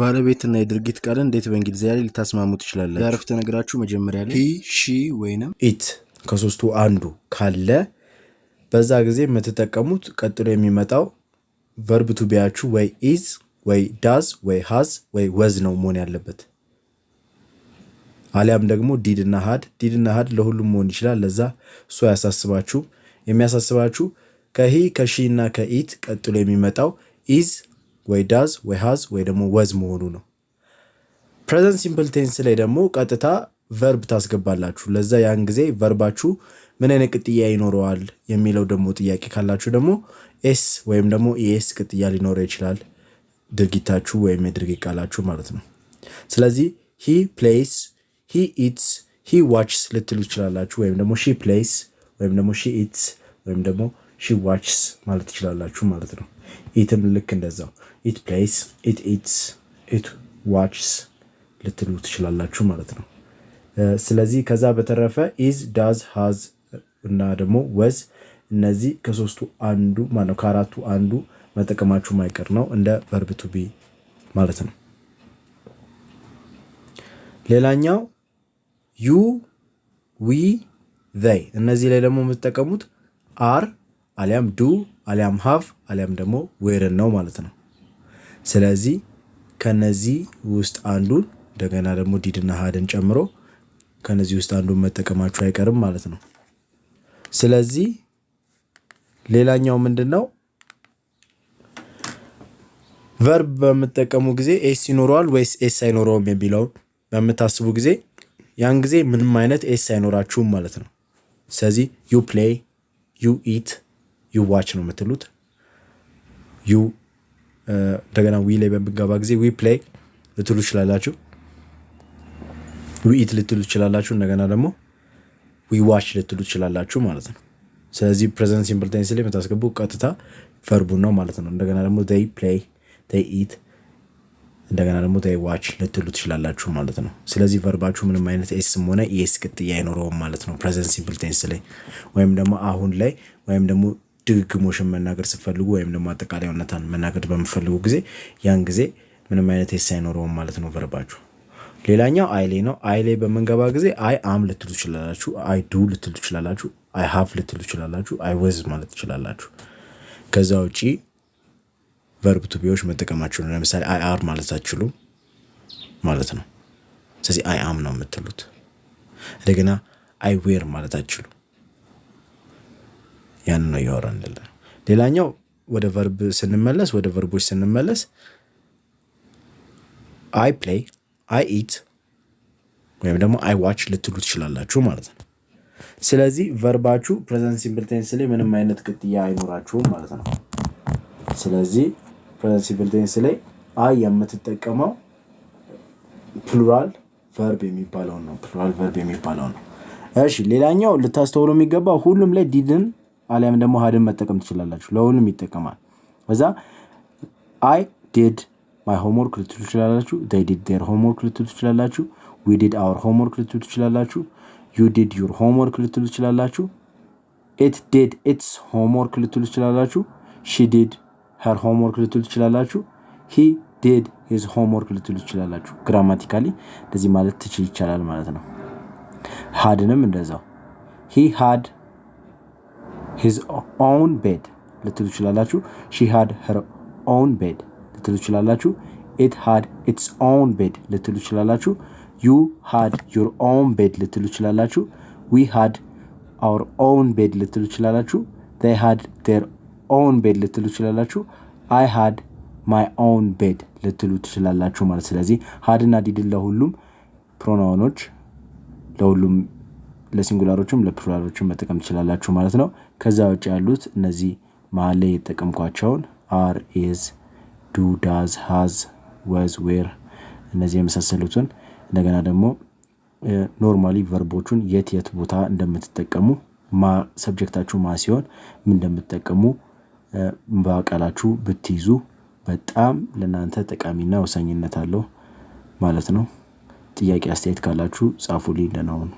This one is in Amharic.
ባለቤትና የድርጊት ቃል እንዴት በእንግሊዝኛ ላይ ልታስማሙ ትችላላችሁ? የአረፍተ ነገራችሁ መጀመሪያ ላይ ሺ ወይንም ኢት ከሶስቱ አንዱ ካለ በዛ ጊዜ የምትጠቀሙት ቀጥሎ የሚመጣው ቨርብ ቱ ቢያችሁ ወይ ኢዝ ወይ ዳዝ ወይ ሃዝ ወይ ወዝ ነው መሆን ያለበት። አሊያም ደግሞ ዲድና ሀድ ዲድና ሀድ ለሁሉም መሆን ይችላል። ለዛ እሱ አያሳስባችሁም። የሚያሳስባችሁ ከሂ ከሺ እና ከኢት ቀጥሎ የሚመጣው ኢዝ ወይ ዳዝ ወይ ሃዝ ወይ ደግሞ ወዝ መሆኑ ነው። ፕሬዘንት ሲምፕል ቴንስ ላይ ደግሞ ቀጥታ ቨርብ ታስገባላችሁ። ለዛ ያን ጊዜ ቨርባችሁ ምን አይነት ቅጥያ ይኖረዋል የሚለው ደግሞ ጥያቄ ካላችሁ ደግሞ ኤስ ወይም ደግሞ ኢኤስ ቅጥያ ሊኖረው ይችላል ድርጊታችሁ ወይም የድርጊት ቃላችሁ ማለት ነው። ስለዚህ ሂ ፕሌይስ፣ ሂ ኢትስ፣ ሂ ዋችስ ልትሉ ይችላላችሁ። ወይም ደግሞ ሺ ፕሌይስ ወይም ደግሞ ሺ ኢትስ ወይም ደግሞ ሺ ዋችስ ማለት ይችላላችሁ ማለት ነው። ኢትም ልክ እንደዛው ኢት ፕሌይስ፣ ኢት ኢትስ፣ ኢት ዋችስ ልትሉ ትችላላችሁ ማለት ነው። ስለዚህ ከዛ በተረፈ ኢዝ፣ ዳዝ፣ ሃዝ እና ደግሞ ወዝ እነዚህ ከሶስቱ አንዱ ማነው ከአራቱ አንዱ መጠቀማችሁ ማይቀር ነው እንደ ቨርብ ቱ ቢ ማለት ነው። ሌላኛው ዩ ዊ ዘይ እነዚህ ላይ ደግሞ የምትጠቀሙት አር አሊያም ዱ አሊያም ሀቭ አሊያም ደግሞ ዌርን ነው ማለት ነው። ስለዚህ ከነዚህ ውስጥ አንዱን እንደገና ደግሞ ዲድና ሀድን ጨምሮ ከነዚህ ውስጥ አንዱን መጠቀማችሁ አይቀርም ማለት ነው። ስለዚህ ሌላኛው ምንድን ነው? ቨርብ በምጠቀሙ ጊዜ ኤስ ይኖረዋል ወይስ ኤስ አይኖረውም የሚለው በምታስቡ ጊዜ ያን ጊዜ ምንም አይነት ኤስ አይኖራችሁም ማለት ነው። ስለዚህ ዩ ፕሌይ ዩ ኢት ዩ ዋች ነው የምትሉት። ዩ እንደገና ዊ ላይ በምገባ ጊዜ ዊ ፕሌይ ልትሉ ይችላላችሁ። ዊ ኢት ልትሉ ይችላላችሁ። እንደገና ደግሞ ዊ ዋች ልትሉ ይችላላችሁ ማለት ነው። ስለዚህ ፕሬዘንት ሲምፕል ቴንስ ላይ የምታስገቡ ቀጥታ ቨርቡን ነው ማለት ነው። እንደገና ደግሞ ይ ፕሌይ ይ ኢት እንደገና ደግሞ ይ ዋች ልትሉ ትችላላችሁ ማለት ነው። ስለዚህ ቨርባችሁ ምንም አይነት ኤስም ሆነ ኤስ ቅጥያ አይኖረውም ማለት ነው ፕሬዘንት ሲምፕል ቴንስ ላይ ወይም ደግሞ አሁን ላይ ወይም ደግሞ ድግግሞሽን መናገር ስትፈልጉ ወይም ደግሞ አጠቃላይ እውነታን መናገር በምፈልጉ ጊዜ ያን ጊዜ ምንም አይነት ስ አይኖረውም ማለት ነው ቨርባችሁ። ሌላኛው አይሌ ነው። አይሌ በምንገባ ጊዜ አይ አም ልትሉ ትችላላችሁ፣ አይ ዱ ልትሉ ትችላላችሁ፣ አይ ሀቭ ልትሉ ትችላላችሁ፣ አይ ወዝ ማለት ትችላላችሁ። ከዛ ውጪ ቨርብ ቱቢዎች መጠቀማችሁ ነው። ለምሳሌ አይ አር ማለት አትችሉም ማለት ነው። ስለዚህ አይ አም ነው የምትሉት። እንደገና አይ ዌር ማለት አትችሉም ያን ነው እያወራን ሌላኛው ወደ ቨርብ ስንመለስ ወደ ቨርቦች ስንመለስ አይ ፕሌይ፣ አይ ኢት ወይም ደግሞ አይ ዋች ልትሉ ትችላላችሁ ማለት ነው። ስለዚህ ቨርባችሁ ፕሬዘንት ሲምፕል ቴንስ ላይ ምንም አይነት ቅጥያ አይኖራችሁም ማለት ነው። ስለዚህ ፕሬዘንት ሲምፕል ቴንስ ላይ አይ የምትጠቀመው ፕሉራል ቨርብ የሚባለው ነው። ፕሉራል ቨርብ የሚባለው ነው። እሺ ሌላኛው ልታስተውሉ የሚገባ ሁሉም ላይ ዲድን አሊያም ደግሞ ሀድን መጠቀም ትችላላችሁ። ለሁሉም ይጠቀማል። በዛ አይ ዴድ ማይ ሆምወርክ ልትሉ ትችላላችሁ። ዴይ ዲድ ዴር ሆምወርክ ልትሉ ትችላላችሁ። ዊ ዲድ አወር ሆምወርክ ልትሉ ትችላላችሁ። ዩ ዲድ ዩር ሆምወርክ ልትሉ ትችላላችሁ። ኢት ዲድ ኢትስ ሆምወርክ ልትሉ ትችላላችሁ። ሺ ዲድ ሄር ሆምወርክ ልትሉ ትችላላችሁ። ሂ ዲድ ሂዝ ሆምወርክ ልትሉ ትችላላችሁ። ግራማቲካሊ እንደዚህ ማለት ትችል ይቻላል ማለት ነው። ሀድንም እንደዛው ሂ ሀድ ሂዝ ኦውን ቤድ ልትሉ ትችላላችሁ። ሺ ሃድ ሄር ኦውን ቤድ ልትሉ ትችላላችሁ። ኢት ሃድ ኢትስ ኦውን ቤድ ልትሉ ትችላላችሁ። ዩ ሃድ ዩር ኦውን ቤድ ልትሉ ትችላላችሁ። ዊ ሃድ አወር ኦውን ቤድ ልትሉ ትችላላችሁ። ዘይ ሃድ ዜር ኦውን ቤድ ልትሉ ትችላላችሁ። አይ ሃድ ማይ ኦውን ቤድ ልትሉ ትችላላችሁ ማለት ስለዚህ ሀድና ዲድን ለሁሉም ፕሮናውኖች ለሁሉም ለሲንጉላሮችም ለፕሉራሎችም መጠቀም ትችላላችሁ ማለት ነው። ከዛ ውጭ ያሉት እነዚህ መሀል ላይ የጠቀምኳቸውን አር፣ ኢዝ፣ ዱ፣ ዳዝ፣ ሃዝ፣ ወዝ፣ ዌር እነዚህ የመሳሰሉትን እንደገና ደግሞ ኖርማሊ ቨርቦቹን የት የት ቦታ እንደምትጠቀሙ ሰብጀክታችሁ ማ ሲሆን ምን እንደምትጠቀሙ በቃላችሁ ብትይዙ በጣም ለእናንተ ጠቃሚና ወሳኝነት አለው ማለት ነው። ጥያቄ አስተያየት ካላችሁ ጻፉልኝ። ደህና ሁኑ።